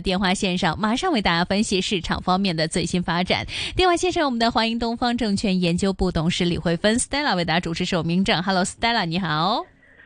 電話線上馬上為大家分析市場方面的最新發展。電話線上，我們的歡迎東方證券研究部董事李慧芬，Stella 為大家主持首名證。Hello，Stella，你好。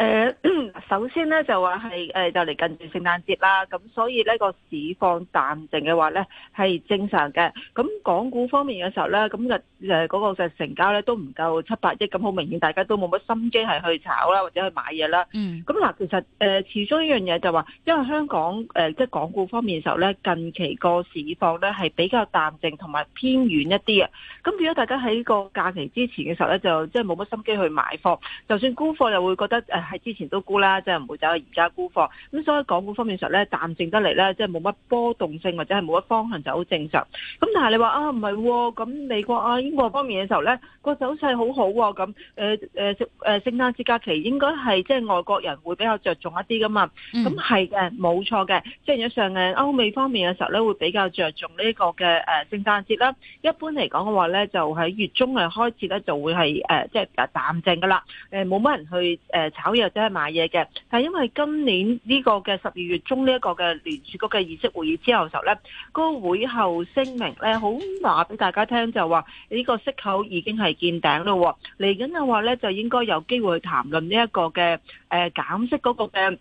呃、首先咧就話係誒，就嚟、呃、近住聖誕節啦，咁所以呢個市況淡靜嘅話咧係正常嘅。咁港股方面嘅時候咧，咁就嗰個就成交咧都唔夠七八億，咁好明顯大家都冇乜心機係去炒啦，或者去買嘢啦。嗯。咁嗱，其實誒、呃，始終一樣嘢就話，因為香港誒，即、呃、港股方面嘅時候咧，近期個市況咧係比較淡靜同埋偏遠一啲嘅。咁如果大家喺個假期之前嘅時候咧，就即係冇乜心機去買貨，就算沽貨又會覺得、呃係之前都沽啦，即係唔會走到而家沽貨。咁所以港股方面上咧，淡靜得嚟咧，即係冇乜波動性或者係冇乜方向就好正常。咁但係你話啊唔係，咁、哦、美國啊英國方面嘅時候咧，個走勢好好、哦、喎。咁誒誒誒聖誕節假期應該係即係外國人會比較着重一啲噶嘛。咁係嘅，冇錯嘅。即係上誒歐美方面嘅時候咧，會比較着重呢一個嘅誒聖誕節啦。一般嚟講嘅話咧，就喺月中嘅開始咧就會係誒、呃、即係誒淡靜噶啦。誒冇乜人去誒炒。或者係買嘢嘅，但係因為今年呢個嘅十二月中呢一個嘅聯儲局嘅議息會議之後嘅時候呢，個會後聲明呢，好話俾大家聽就話呢個息口已經係見頂咯，嚟緊嘅話呢，就應該有機會去談論呢一個嘅誒減息嗰個嘅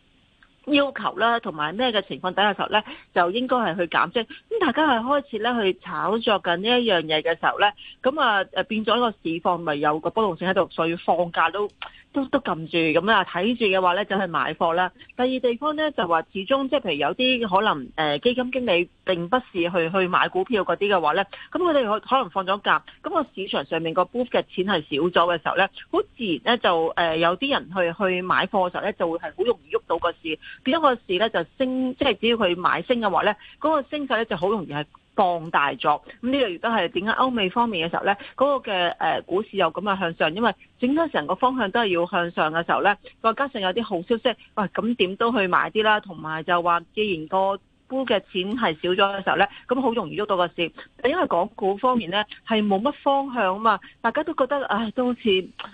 要求啦，同埋咩嘅情況底下時候呢，就應該係去減息。咁大家係開始呢去炒作緊呢一樣嘢嘅時候呢，咁啊誒變咗個市況咪有一個波動性喺度，所以要放假都。都都撳住咁啊！睇住嘅話咧，就去、是、買貨啦。第二地方咧，就話始終即係譬如有啲可能誒、呃、基金經理並不是去去買股票嗰啲嘅話咧，咁佢哋可可能放咗假，咁、那個市場上面個 boof 嘅錢係少咗嘅時候咧，好自然咧就誒、呃、有啲人去去買貨嘅時候咧，就會係好容易喐到個市，變咗個市咧就升，即、就、係、是、只要佢買升嘅話咧，嗰、那個升勢咧就好容易係。放大咗，咁呢度亦都係點解歐美方面嘅時候呢，嗰、那個嘅誒、呃、股市又咁樣向上，因為整間成個方向都係要向上嘅時候呢，再加上有啲好消息，哇！咁點都去買啲啦，同埋就話既然個沽嘅錢係少咗嘅時候呢，咁好容易喐到個市。因為港股方面呢，係冇乜方向啊嘛，大家都覺得啊、哎，都好似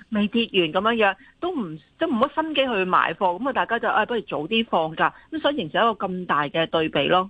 未跌完咁樣樣，都唔都冇乜心機去買貨，咁啊大家就啊、哎、不如早啲放假，咁所以形成一個咁大嘅對比咯。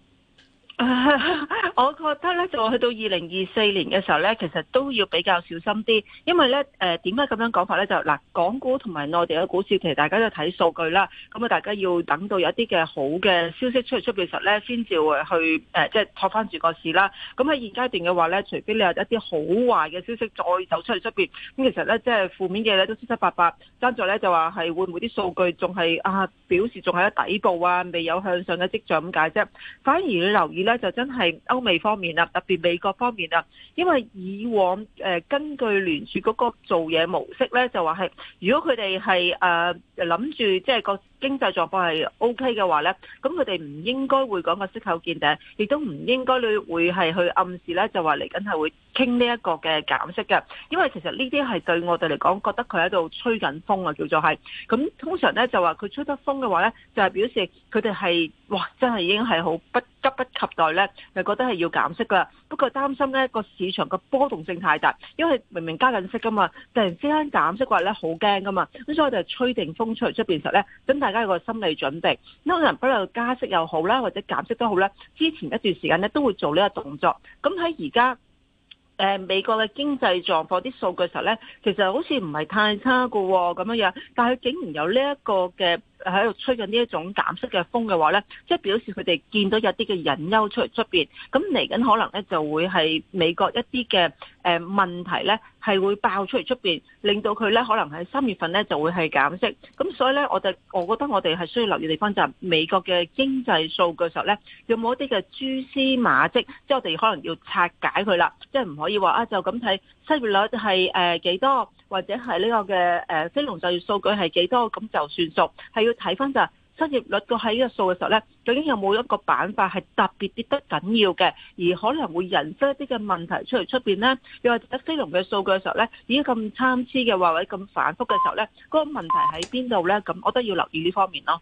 我覺得咧，就去到二零二四年嘅時候咧，其實都要比較小心啲，因為咧，誒點解咁樣講法咧？就嗱，港股同埋內地嘅股市，其實大家都睇數據啦。咁啊，大家要等到有一啲嘅好嘅消息出嚟出邊嘅時候咧，先至會去誒，即係托翻住個市啦。咁喺現階段嘅話咧，除非你有一啲好壞嘅消息再走出去，出邊，咁其實咧，即係負面嘅嘢都七七八八。爭在咧就話係會唔會啲數據仲係啊，表示仲喺底部啊，未有向上嘅跡象咁解啫。反而你留意咧。就真係歐美方面啦，特別美國方面啦。因為以往誒、呃、根據聯儲嗰個做嘢模式咧，就話係如果佢哋係誒諗住即係個經濟狀況係 OK 嘅話呢，咁佢哋唔應該會講個息口見頂，亦都唔應該佢會係去暗示呢就話嚟緊係會傾呢一個嘅減息嘅。因為其實呢啲係對我哋嚟講，覺得佢喺度吹緊風啊，叫做係。咁通常呢就話佢吹得風嘅話呢就係表示佢哋係哇，真係已經係好不急不及待呢，就覺得係要減息噶。不過擔心呢個市場嘅波動性太大，因為明明加緊息噶嘛，突然之間減息嘅話呢好驚噶嘛。咁所以我哋就吹定風，吹出邊時候呢，真大家有個心理準備，因為可能不論加息又好啦，或者減息都好啦。之前一段時間咧都會做呢個動作。咁喺而家，誒、呃、美國嘅經濟狀況啲數據時候咧，其實好似唔係太差嘅咁樣樣，但係竟然有呢一個嘅。喺度吹緊呢一種減息嘅風嘅話咧，即係表示佢哋見到有啲嘅隱憂出嚟出邊，咁嚟緊可能咧就會係美國一啲嘅誒問題咧，係會爆出嚟出邊，令到佢咧可能喺三月份咧就會係減息，咁所以咧我哋，我覺得我哋係需要留意地方，就係美國嘅經濟數據時候咧，有冇一啲嘅蛛絲馬跡，即係我哋可能要拆解佢啦，即係唔可以話啊就咁睇失業率係誒幾多。或者係呢個嘅誒非農就業數據係幾多咁就算數，係要睇翻就失業率個喺呢個數嘅時候咧，究竟有冇一個板塊係特別跌得緊要嘅，而可能會引出一啲嘅問題出嚟出邊咧？又或者非農嘅數據嘅時候咧，已經咁參差嘅話或者咁反覆嘅時候咧，嗰個問題喺邊度咧？咁我都要留意呢方面咯。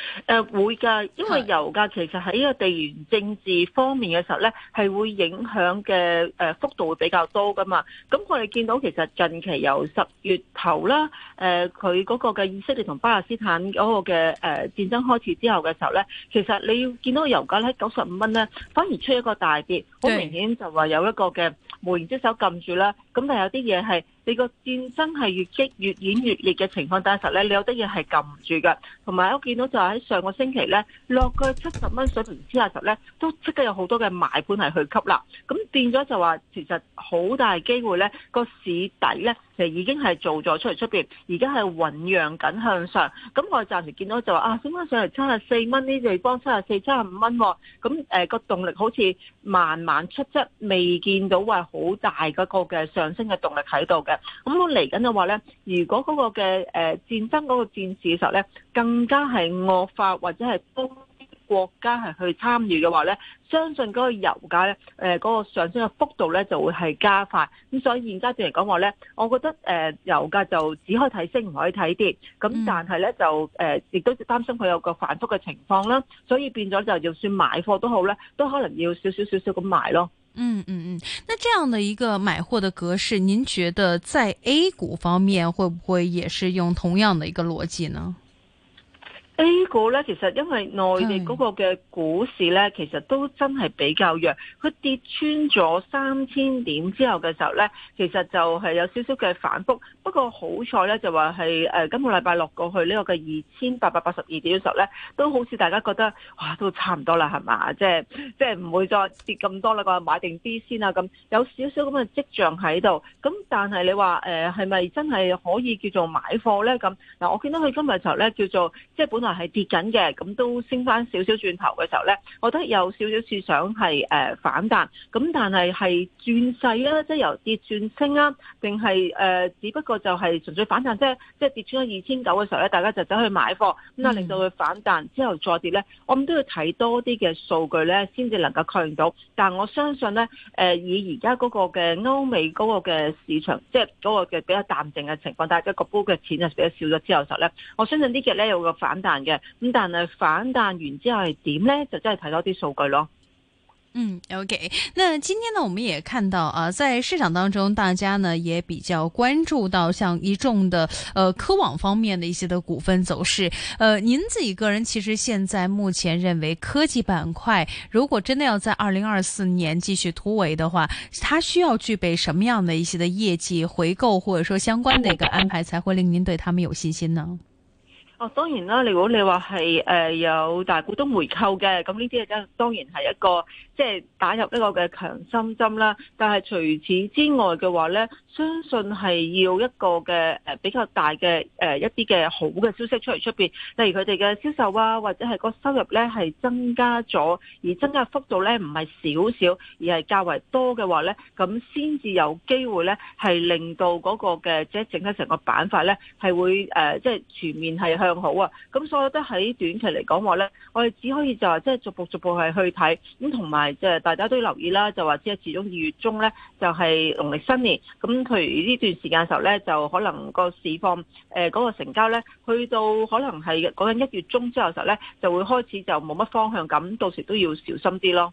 誒、呃，會噶，因為油價其實喺呢個地緣政治方面嘅時候咧，係會影響嘅，誒幅度會比較多噶嘛。咁我哋見到其實近期由十月頭啦，誒佢嗰個嘅以色列同巴勒斯坦嗰個嘅誒、呃、戰爭開始之後嘅時候咧，其實你要見到油價咧九十五蚊咧，反而出一個大跌，好明顯就話有一個嘅無形之手撳住啦。咁但有啲嘢係你個戰爭係越激越演越烈嘅情況底下，但實咧你有啲嘢係撳唔住㗎，同埋我見到就係喺上個星期咧落去七十蚊水平之下實咧，都即刻有好多嘅買盤係去吸啦，咁變咗就話其實好大機會咧個市底咧。就已經係做咗出嚟出邊，而家係醞釀緊向上，咁我暫時見到就話啊，升翻上嚟七十四蚊呢地方74，、哦，七十四、七十五蚊，咁、那、誒個動力好似慢慢出質，未見到話好大嗰個嘅上升嘅動力喺度嘅，咁我嚟緊嘅話咧，如果嗰個嘅誒、呃、戰爭嗰個戰事實咧，更加係惡化或者係。國家係去參與嘅話咧，相信嗰個油價咧，誒、呃、嗰、那個上升嘅幅度咧就會係加快。咁所以現階段嚟講話咧，我覺得誒、呃、油價就只可以睇升唔可以睇跌。咁但係咧、嗯、就誒亦、呃、都擔心佢有個反覆嘅情況啦，所以變咗就要算買貨都好咧，都可能要少少少少咁買咯。嗯嗯嗯，那這樣的一個買貨的格式，您覺得在 A 股方面會不會也是用同樣的一個邏輯呢？A 股呢股咧，其實因為內地嗰個嘅股市咧，對其實都真係比較弱。佢跌穿咗三千點之後嘅時候咧，其實就係有少少嘅反覆。不過好彩咧，就話係誒今個禮拜六過去呢個嘅二千八百八十二點嘅時候咧，都好似大家覺得哇，都差唔多啦，係嘛？即係即係唔會再跌咁多啦，個買定啲先啊咁。有少少咁嘅跡象喺度。咁但係你話誒係咪真係可以叫做買貨咧？咁嗱，我見到佢今日就咧叫做即係本來，係跌緊嘅，咁都升翻少少轉頭嘅時候咧，我覺得有少少試想係誒反彈，咁但係係轉勢啦，即係由跌轉升啦，定係誒只不過就係純粹反彈，即係即係跌穿咗二千九嘅時候咧，大家就走去買貨，咁令到佢反彈之後再跌咧，我諗都要睇多啲嘅數據咧，先至能夠確認到。但係我相信咧，誒以而家嗰個嘅歐美嗰個嘅市場，即係嗰個嘅比較淡靜嘅情況，但係個波嘅錢就比較少咗之後時候咧，我相信呢日咧有個反彈。嘅咁，但係反彈完之後係點呢？就真係睇多啲數據咯。嗯，OK。那今天呢，我們也看到啊，在市場當中，大家呢也比較關注到像一眾的呃科網方面的一些的股份走勢。呃，您自己個人其實現在目前認為科技板塊，如果真的要在二零二四年繼續突圍的話，它需要具備什麼樣的一些的業績回購，或者說相關的一個安排，才會令您對他們有信心呢？哦，當然啦！如果你話係誒有大股東回購嘅，咁呢啲嘅當然係一個即係、就是、打入一個嘅強心針啦。但係除此之外嘅話咧，相信係要一個嘅比較大嘅誒、呃、一啲嘅好嘅消息出嚟出邊，例如佢哋嘅銷售啊，或者係個收入咧係增加咗，而增加幅度咧唔係少少，而係較為多嘅話咧，咁先至有機會咧係令到嗰個嘅即係整體成個板塊咧係會誒即係全面係向。更好啊！咁、嗯、所以都喺短期嚟講話咧，我哋只可以就話即係逐步逐步係去睇，咁同埋即係大家都要留意啦。就話即係始終二月中咧，就係農曆新年，咁譬如呢段時間的時候咧，就可能個市況誒嗰個成交咧，去到可能係嗰陣一月中之後的時候咧，就會開始就冇乜方向感，到時都要小心啲咯。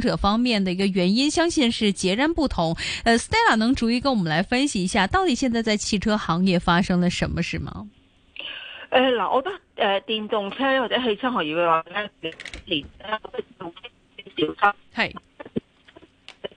者方面的一個原因，相信是截然不同。呃、Stella 能逐一跟我們來分析一下，到底現在在汽車行業發生了什麼事嗎？誒，嗱，我覺得，誒、呃，電動車或者汽車行業嘅話咧，前三係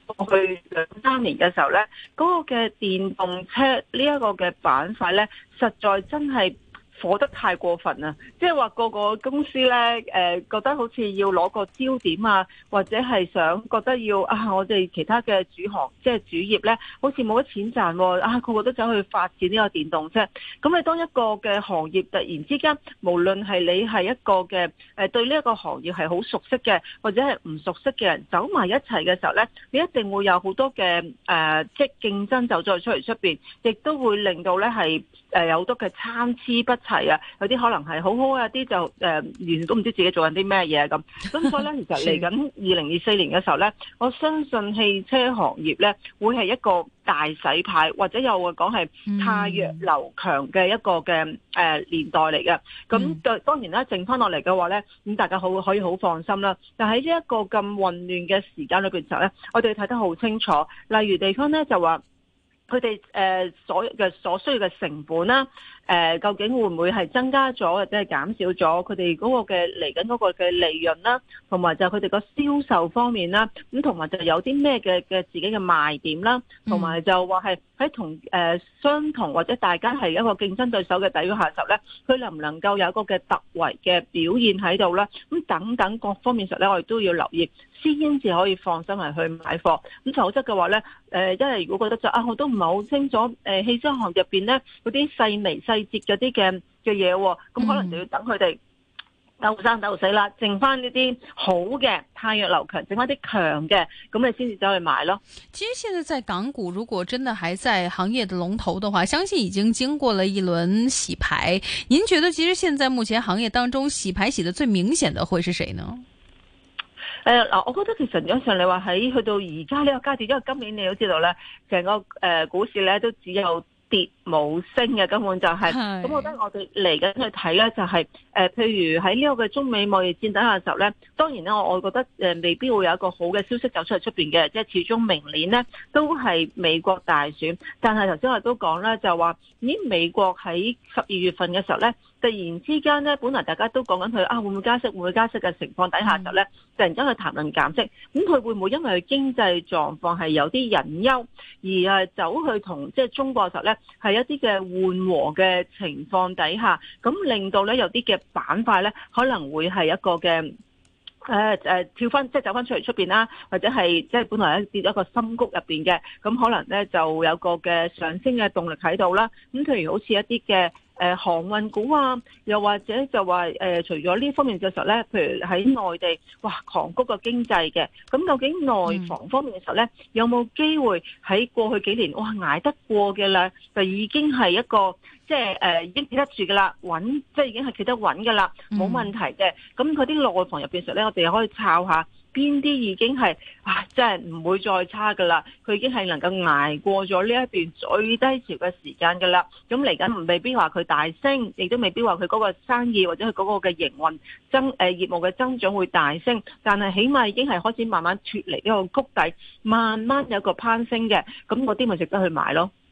過去兩三年嘅時候咧，嗰、那個嘅電動車呢一個嘅板塊咧，實在真係火得太過分啦，即係話個個公司咧，誒、呃、覺得好似要攞個焦點啊，或者係想覺得要啊，我哋其他嘅主行即係、就是、主業咧，好似冇得錢賺喎、哦、啊！個個都想去發展呢個電動車，咁你當一個嘅行業突然之間，無論係你係一個嘅誒對呢一個行業係好熟悉嘅，或者係唔熟悉嘅人走埋一齊嘅時候咧，你一定會有好多嘅誒、啊、即係競爭就再出嚟出邊，亦都會令到咧係誒有好多嘅參差不。係啊，有啲可能係好好啊，啲就誒，完全都唔知自己做緊啲咩嘢咁。咁所以咧，其實嚟緊二零二四年嘅時候咧， 是我相信汽車行業咧會係一個大洗牌，或者又會講係汰弱留強嘅一個嘅誒、呃、年代嚟嘅。咁當然啦，剩翻落嚟嘅話咧，咁大家好可以好放心啦。但喺呢一個咁混亂嘅時間裏邊時候咧，我哋睇得好清楚。例如地方咧就話，佢哋誒所嘅所需要嘅成本啦。誒，究竟會唔會係增加咗，或者係減少咗佢哋嗰個嘅嚟緊嗰個嘅利潤啦，同埋就佢哋個銷售方面啦，咁同埋就有啲咩嘅嘅自己嘅賣點啦，同埋、嗯、就話係喺同誒相同或者大家係一個競爭對手嘅底下嗰陣咧，佢能唔能夠有一個嘅突圍嘅表現喺度啦？咁等等各方面上咧，我哋都要留意，先至可以放心係去買貨。咁否則嘅話咧，誒，因為如果覺得就啊，我都唔係好清楚，誒、啊，汽車行入邊咧嗰啲細微細。截嗰啲嘅嘅嘢，咁可能就要等佢哋鬥生鬥死啦，剩翻呢啲好嘅汰弱留強，剩翻啲強嘅，咁你先至走去買咯。其實現在在港股，如果真的還在行業嘅龍頭的話，相信已經經過了一輪洗牌。您覺得其實現在目前行業當中洗牌洗得最明顯的會是誰呢？誒嗱，我覺得其實有上你話喺去到而家呢個階段，因為今年你都知道咧，成個誒股市咧都只有，跌冇升嘅根本就係、是，咁是我覺得我哋嚟緊去睇呢，就、呃、係，誒譬如喺呢個嘅中美貿易戰底下嘅時候呢，當然呢，我覺得誒未必會有一個好嘅消息走出嚟出邊嘅，即、就、係、是、始終明年呢都係美國大選，但係頭先我哋都講啦，就話，咦美國喺十二月份嘅時候呢。突然之間咧，本來大家都講緊佢啊，會唔會加息？會唔會加息嘅情況底下、嗯、就咧，突然間去談論減息，咁佢會唔會因為佢經濟狀況係有啲隱憂，而係走去同即係、就是、中國嘅時候咧，係一啲嘅緩和嘅情況底下，咁令到咧有啲嘅板塊咧，可能會係一個嘅、啊啊、跳翻，即、就、係、是、走翻出嚟出面啦，或者係即係本來跌咗一個深谷入面嘅，咁可能咧就有個嘅上升嘅動力喺度啦。咁譬如好似一啲嘅。誒、呃、航運股啊，又或者就話誒、呃，除咗呢方面嘅時候咧，譬如喺內地，嗯、哇，狂谷個經濟嘅，咁究竟內房方面嘅時候咧，有冇機會喺過去幾年，哇，捱得過嘅啦，就已經係一個即係誒，已經企得住嘅啦，穩，即、就、係、是、已經係企得穩嘅啦，冇問題嘅。咁佢啲內房入邊時候咧，我哋可以抄下。邊啲已經係哇，真係唔會再差噶啦，佢已經係能夠捱過咗呢一段最低潮嘅時間噶啦。咁嚟緊唔未必話佢大升，亦都未必話佢嗰個生意或者佢嗰個嘅營運增誒業務嘅增長會大升，但係起碼已經係開始慢慢脫離呢個谷底，慢慢有一個攀升嘅。咁嗰啲咪值得去買咯。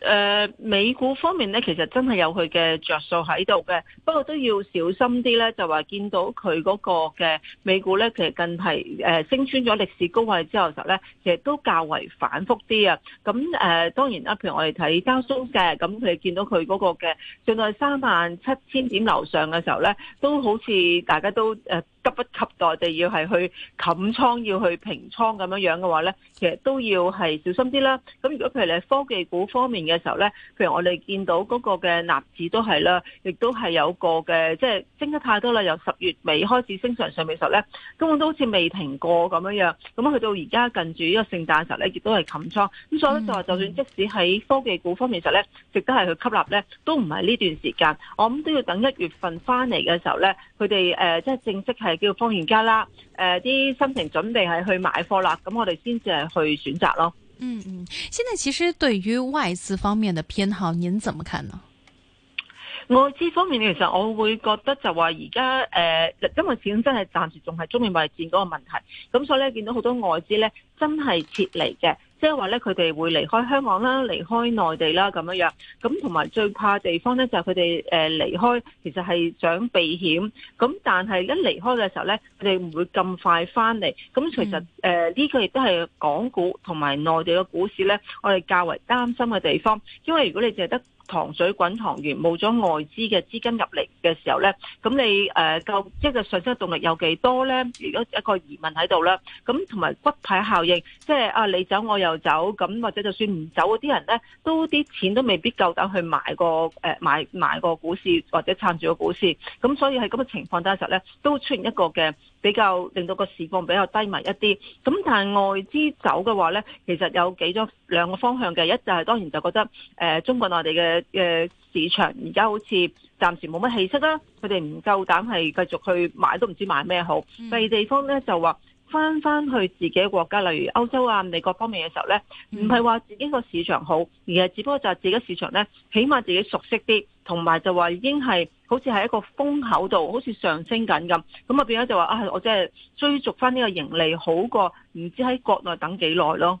誒、呃，美股方面咧，其實真係有佢嘅着數喺度嘅，不過都要小心啲咧。就話見到佢嗰個嘅美股咧，其實更係誒升穿咗歷史高位之後嘅時候咧，其實都較為反復啲啊。咁誒、呃，當然啊，譬如我哋睇交收嘅，咁佢見到佢嗰個嘅，正在三萬七千點樓上嘅時候咧，都好似大家都誒、呃、急不及待地要係去冚倉、要去平倉咁樣樣嘅話咧，其實都要係小心啲啦。咁如果譬如你科技股方面，嘅時候咧，譬如我哋見到嗰個嘅納指都係啦，亦都係有個嘅，即係升得太多啦。由十月尾開始升上上面時咧，根本都好似未停過咁樣樣。咁去到而家近住呢個聖誕時候咧，亦都係冚倉。咁所以咧就話就算即使喺科技股方面實咧，值得係去吸納咧，都唔係呢段時間。我諗都要等一月份翻嚟嘅時候咧，佢哋即係正式係叫做言家啦，呃啲心情準備係去買貨啦，咁我哋先至係去選擇咯。嗯嗯，現在其實對於外資方面的偏好，您怎麼看呢？外資方面，其實我會覺得就話而家誒，因為始終真係暫時仲係中美貿易戰嗰個問題，咁所以咧見到好多外資咧真係撤離嘅。即係話咧，佢哋會離開香港啦，離開內地啦，咁樣樣。咁同埋最怕的地方咧，就係佢哋誒離開，其實係想避險。咁但係一離開嘅時候咧，佢哋唔會咁快翻嚟。咁其實誒呢、嗯呃呢個亦都係港股同埋內地嘅股市咧，我哋較為擔心嘅地方，因為如果你淨係得糖水滾糖完，冇咗外資嘅資金入嚟嘅時候呢，咁你誒夠一個上升嘅動力有幾多呢？如果一個疑問喺度啦，咁同埋骨牌效應，即係啊你走我又走，咁或者就算唔走嗰啲人呢，都啲錢都未必夠膽去買個誒買買個股市或者撐住個股市，咁所以喺咁嘅情況底下時候咧，都出現一個嘅。比較令到個市況比較低迷一啲，咁但係外資走嘅話呢，其實有幾個兩個方向嘅，一就係當然就覺得誒、呃、中國內地嘅嘅、呃、市場而家好似暫時冇乜氣息啦，佢哋唔夠膽係繼續去買都唔知買咩好。第二、嗯、地方呢，就話返返去自己國家，例如歐洲啊、美國方面嘅時候呢，唔係話自己個市場好，嗯、而係只不過就係自己市場呢，起碼自己熟悉啲，同埋就話已經係。好似係一個風口度，好似上升緊咁，咁啊變咗就話啊，我即係追逐翻呢個盈利，好過唔知喺國內等幾耐咯。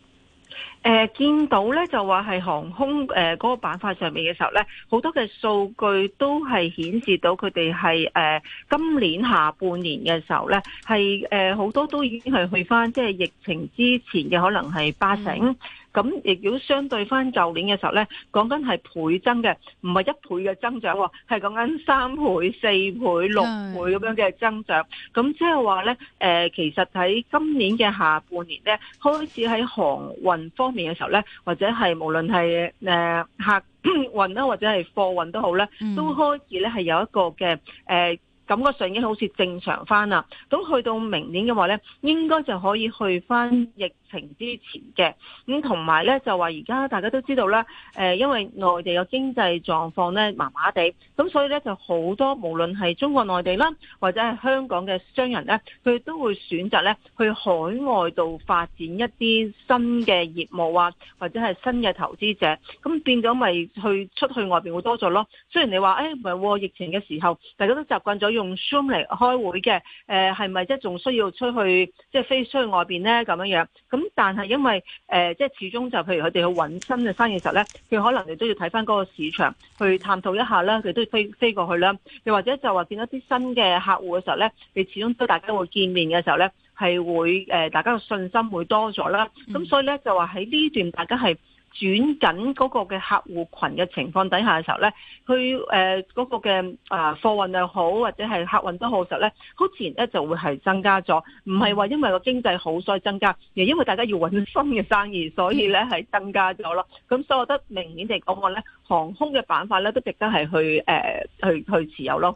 誒、呃，見到咧就話係航空誒嗰、呃那個板塊上面嘅時候咧，好多嘅數據都係顯示到佢哋係誒今年下半年嘅時候咧，係誒好多都已經係去翻即係疫情之前嘅可能係八成。嗯。咁亦都相對翻舊年嘅時候咧，講緊係倍增嘅，唔係一倍嘅增長喎、哦，係講緊三倍、四倍、六倍咁樣嘅增長。咁即係話咧，誒其實喺今年嘅下半年咧，開始喺航運方面嘅時候咧，或者係無論係誒客運啦，或者係貨運都好咧，嗯、都開始咧係有一個嘅誒。呃感覺上已經好似正常翻啦，咁去到明年嘅話呢，應該就可以去翻疫情之前嘅。咁同埋呢，就話而家大家都知道啦，誒因為內地嘅經濟狀況呢，麻麻地，咁所以呢，就好多無論係中國內地啦，或者係香港嘅商人呢，佢都會選擇呢去海外度發展一啲新嘅業務啊，或者係新嘅投資者。咁變咗咪去出去外邊會多咗咯。雖然你話誒，唔係疫情嘅時候，大家都習慣咗要。用 Zoom 嚟開會嘅，誒係咪即係仲需要出去即係、就是、飛出去外邊呢？咁樣樣？咁但係因為誒即係始終就譬如佢哋去搵新嘅生意嘅時候呢，佢可能你都要睇返嗰個市場去探討一下啦。佢都要飛飛過去啦。又或者就話見到啲新嘅客戶嘅時候呢，你始終都大家會見面嘅時候呢，係會誒、呃、大家嘅信心會多咗啦。咁、嗯、所以呢，就話喺呢段大家係。轉緊嗰個嘅客戶群嘅情況底下嘅時候呢，佢誒嗰個嘅啊貨運又好或者係客運都好實呢，好自然呢就會係增加咗，唔係話因為個經濟好所以增加，而因為大家要搵新嘅生意，所以呢係增加咗咯。咁所以我覺得明年嚟講話呢，航空嘅板塊呢都值得係去誒去去持有咯。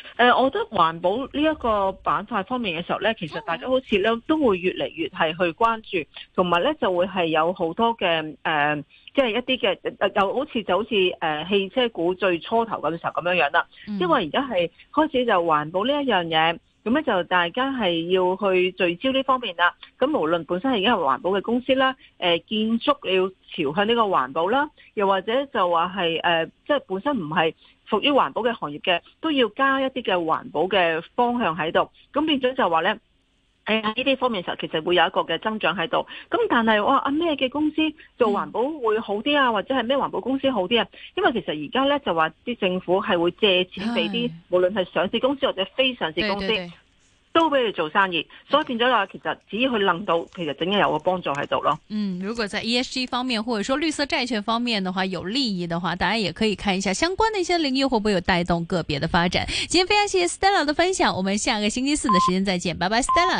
誒、呃，我覺得環保呢一個板塊方面嘅時候咧，其實大家好似咧都會越嚟越係去關注，同埋咧就會係有多、呃就是呃、好多嘅誒，即係一啲嘅又好似就好似誒、呃、汽車股最初頭嘅時候咁樣樣啦，因為而家係開始就環保呢一樣嘢。咁咧就大家係要去聚焦呢方面啦！咁無論本身係已經係環保嘅公司啦、呃，建築你要朝向呢個環保啦，又或者就話係誒，即、呃、係、就係、本身唔係屬於環保嘅行業嘅，都要加一啲嘅環保嘅方向喺度。咁變咗就話咧。喺呢啲方面嘅，其實會有一個嘅增長喺度。咁但係哇，阿咩嘅公司做環保會好啲啊，或者係咩環保公司好啲啊？因為其實而家咧就話啲政府係會借錢俾啲，唉無論係上市公司或者非上市公司，對對對都俾佢做生意。所以變咗話，其實只要佢能到，其實整日有個幫助喺度咯。嗯，如果在 E S G 方面，或者說綠色債券方面的話有利益，嘅話，大家也可以看一下相關的一些領域會不會有帶動個別的發展。今天非常謝謝 Stella 嘅分享，我們下個星期四嘅時間再見，拜拜，Stella。